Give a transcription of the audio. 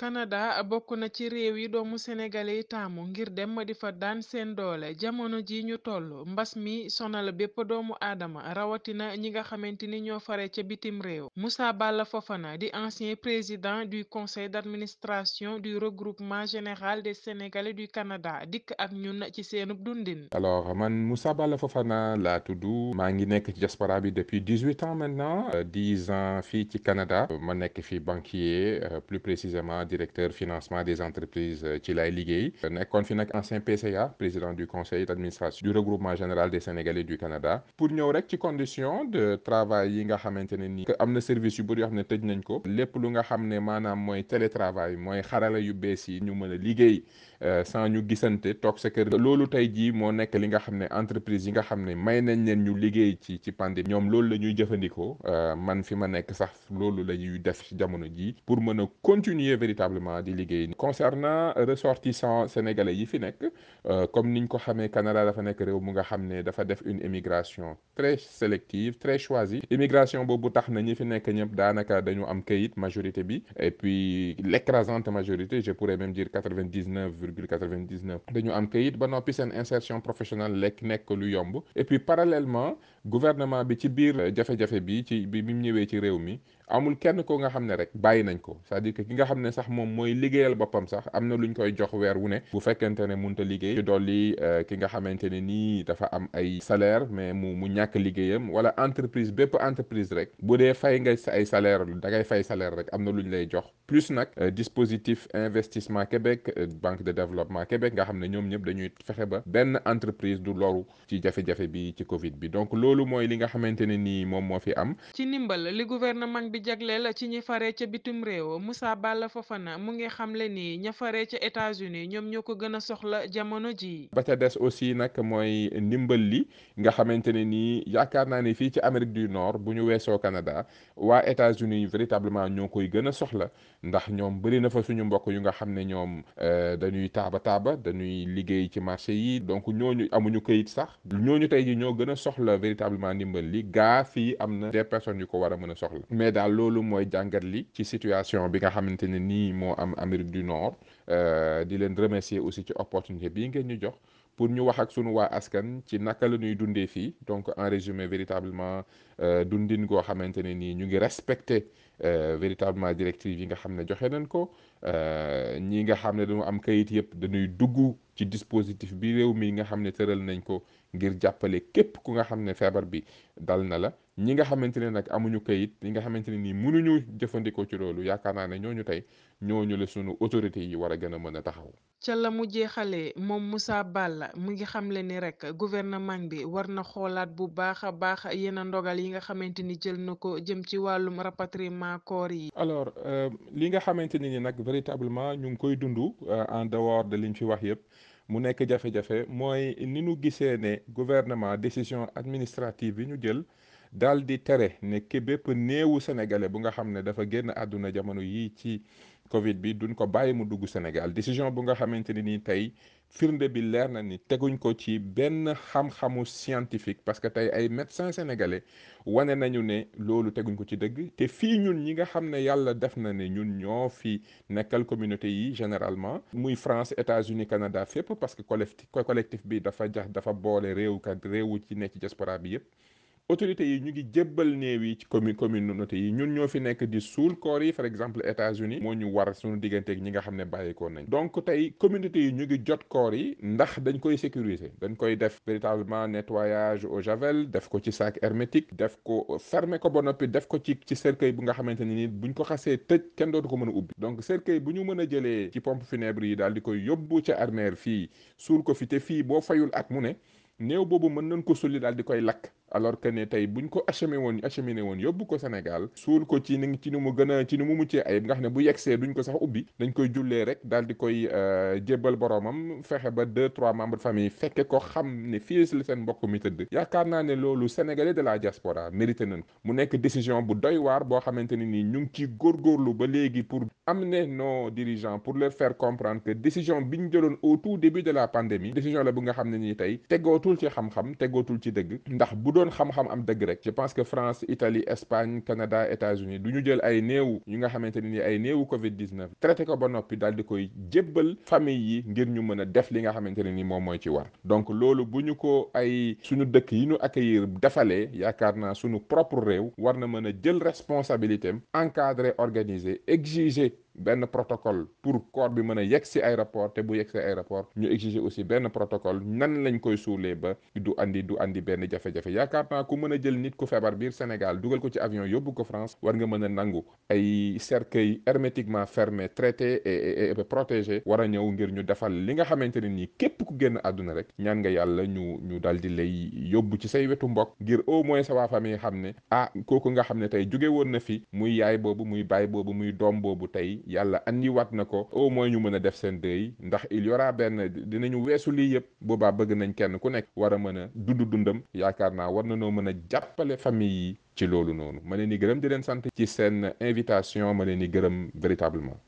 Canada bokk na ci réew yi doomu sénégalais yi taamu ngir dem ma di fa daan seen doole jamono ji ñu toll mbas mi sonal bépp doomu aadama rawatina ñi nga xamante ni ñoo fare ca bitim réew Moussa Balla Fofana di ancien président du conseil d'administration du regroupement général des sénégalais du Canada dikk ak ñun ci seenub dundin. alors man Moussa Balla Fofana laa tuddu maa ngi nekk ci diaspora bi depuis dix huit ans maintenant euh, dix ans fii ci Canada ma nekk fi banquier euh, plus précisément. directeur financement des entreprises euh, ci lay liggéey nekkoon fi nag ancien PCA président du conseil d'administration du regroupement général de des Sénégalais du Canada pour ñëw rek ci condition de travail yi nga xamante ne nii am na service yu bëri yoo xam ne tëj nañ ko lépp lu nga xam ne maanaam mooy télétravail mooy xarala yu bees yi ñu mën a liggéey euh, sans ñu gisante toog sa kër loolu tey jii moo nekk li nga xam ne entreprise yi nga xam ne may nañ leen ñu liggéey ci ci pandémie ñoom loolu la ñuy jëfandikoo euh, man fi ma nekk sax loolu la ñuy def ci jamono jii pour mën a continuer véritablement di liggéey ni concernant euh, ressortissants sénégalais yi fi nekk euh, comme ni ñu ko xamee Canada dafa nekk réew mu nga xam ne dafa def une immigration très sélective très choisie immigration boobu tax na ñi fi nekk ñëpp daanaka dañu am kayit majorité bi et puis l'écrasante majorité je pourrais même dire quatre-vingt-dix-neuf virgule quatre-vingt-dix-neuf dañu am kayit ba noppi seen insertion professionnelle lekk nekk lu yomb et puis parallèlement gouvernement bi ci biir jafe-jafe bi ci bi mu ñëwee ci réew mi amul kenn ko nga xam ne rek bàyyi nañ ko c'est-à-dire ki nga xam ne sax moom mooy liggéeyal boppam sax am na luñ koy jox weer wu ne bu fekkente ne munta liggéey dool dolli euh, ki nga xamante ne nii dafa am ay salaire mais mu mu ñàkk liggéeyam wala entreprise bépp entreprise rek bu dee fay nga sa ay salaire da ngay fay rek am na luñ lay jox plus nag euh, dispositif investissement Québec euh, banque de développement Québec nga xam ne ñoom ñëpp dañuy fexe ba benn entreprise du loru ci jafe-jafe bi ci Covid bi donc loolu mooy li nga xamante ne nii moom moo fi am ci ndimbal li gouvernement bi bi jagleel ci ñi fare ca bitim réew Moussa Balla Fofana mu ngi xamle ni ña fare ca États-Unis ñoom ñoo ko gën a soxla jamono ji ba ca des aussi nag mooy ndimbal li nga xamante ne nii yaakaar naa ne fii ci Amérique du Nord bu ñu weesoo Canada waa États-Unis véritablement ñoo koy gën a soxla ndax ñoom bëri na fa suñu mbokk yu nga xam ne ñoom euh, dañuy taaba taaba dañuy liggéey ci marché yi donc ñooñu amuñu kayit sax ñooñu tey ji ñoo gën a soxla véritablement ndimbal li gaa fii am na yu ko war a mën a soxla loolu mooy jàngat li ci situation bi nga xamante ne nii moo am Amérique du Nord euh, di leen remercier aussi ci opportunité bii ngeen ñu jox pour ñu wax ak sunu waa askan ci naka la ñuy dundee fii donc un résumé véritablement euh, dundin goo xamante ne nii ñu ngi respecté euh, véritablement directive yi nga xam ne joxe nañ ko ñi nga xam ne dañu am kayit yëpp dañuy dugg. ci dispositif bi réew mi nga xam ne tëral nañ ko ngir jàppale képp ku nga xam ne feebar bi dal na la ñi nga xamante ne nag amuñu kayit ñi nga xamante ne nii mënuñu jëfandikoo ci loolu yaakaar naa ne ñooñu tey ñooñu la sunu autorités yi war a gën a mën a taxaw. ca la mu jeexalee moom Moussa Balla mu ngi xamle ni rek gouvernement bi war na xoolaat bu baax a baax yenn ndogal yi nga xamante ni jël na ko jëm ci wàllum rapatriement corps yi. alors euh, li nga xamante ne ni nag véritablement ñu ngi koy dund euh, en dehors de liñ fi wax yëpp. mu nekk jafe-jafe mooy ni nu gisee ne gouvernement décision administrative yi ñu jël daal di tere ne ki bépp néewu sénégalais bu nga xam ne dafa génn àdduna jamono yii ci Covid bi duñ ko bàyyi mu dugg Sénégal décision bu nga xamante ne ni tey firnde bi leer na ni teguñ ko ci benn xam-xamu scientifique parce que tey ay médecins sénégalais wane nañu ne loolu teguñ ko ci dëgg te fii ñun ñi nga xam ne yàlla def na ne ñun ñoo fi nekkal communauté yi généralement muy France États-Unis Canada fépp parce que collectif collectif bi dafa jax dafa boole réew ka réewu ci nekk ci diaspora bi yëpp. autorités yi ñu ngi jébbal néew yi ci commune communauté yi ñun ñoo fi nekk di suul koor yi par exemple États-Unis moo ñu war suñu digganteeg ñi nga xam ne bàyyikoo nañ donc tey communauté yi ñu ngi jot koor yi ndax dañ koy sécuriser dañ koy def véritablement nettoyage au javel def ko ci sac hermétique def ko fermer ko ba noppi def ko ci ci cercueil bu nga xamante ne ni buñ ko xasee tëj kenn dootu ko mën a ubbi donc cercueil bu ñu mën a jëlee ci pompe funèbre yi daal di koy yóbbu ca fii suul ko fi te fii boo fayul at mu ne néew boobu mën nañ ko sulli daal di koy lakk alors que ne tey buñ ko acheminé woon acheminé woon yóbbu ko Sénégal suul ko ci ni ci ni mu gën a ci ni mu muccee ayib nga xam ne bu yegsee duñ ko sax ubbi dañ koy jullee rek daal di koy euh, jébbal boroomam fexe ba deux trois membres famille fekke ko xam ne fii la seen mbokk mi tëdd yaakaar naa ne loolu sénégalais de la diaspora mérité nañ mu nekk décision bu doy waar boo xamante ne nii ñu ngi ci góorgóorlu ba léegi pour am ne nos dirigeants pour leur faire comprendre décision bi ñu jëloon au tout début de la pandémie décision la bu nga xam ne nii tey tegootul ci xam-xam ci dëgg doon xam-xam am dëgg rek je pense que France Italie Espagne Canada États-Unis du ñu jël ay néew yu nga xamante ne ni ay néewu Covid 19 traité ko ba noppi daal di koy jébbal famille yi ngir ñu mën a def li nga xamante ne ni moom mooy ci war donc loolu bu ñu ko ay suñu dëkk yi ñu accueillir defalee yaakaar naa suñu propre réew war na mën a jël responsabilité am encadrer organiser exiger. benn protocole pour corps bi mën a yegg si aéroport te bu yegg si aéroport ñu exiger aussi benn protocole nan lañ koy suulee ba du andi du andi benn jafe-jafe yaakaar naa ku mën a jël nit ku feebar biir Sénégal dugal ko ci avion yóbbu ko France war nga mën a nangu ay cercueil hermétiquement fermé traité et protégé war a ñëw ngir ñu defal li nga xamante ne nii képp ku génn àdduna rek ñaan nga yàlla ñu ñu daal di lay yóbbu ci say wetu mbokk ngir au moins sa waa famille xam ne ah kooku nga xam ne tey jóge woon na fi muy yaay boobu muy baay boobu muy doom boobu tey yàlla an andiwaat na ko au moins ñu mën a def seen dëy ndax il y benn dinañu weesu lii yëpp boobaa bëgg nañ kenn ku nekk war a mën a dund dundam yaakaar naa war na noo mën a jàppale famille yi ci loolu noonu ma leen di gërëm di leen sant ci seen invitation ma leen di gërëm véritablement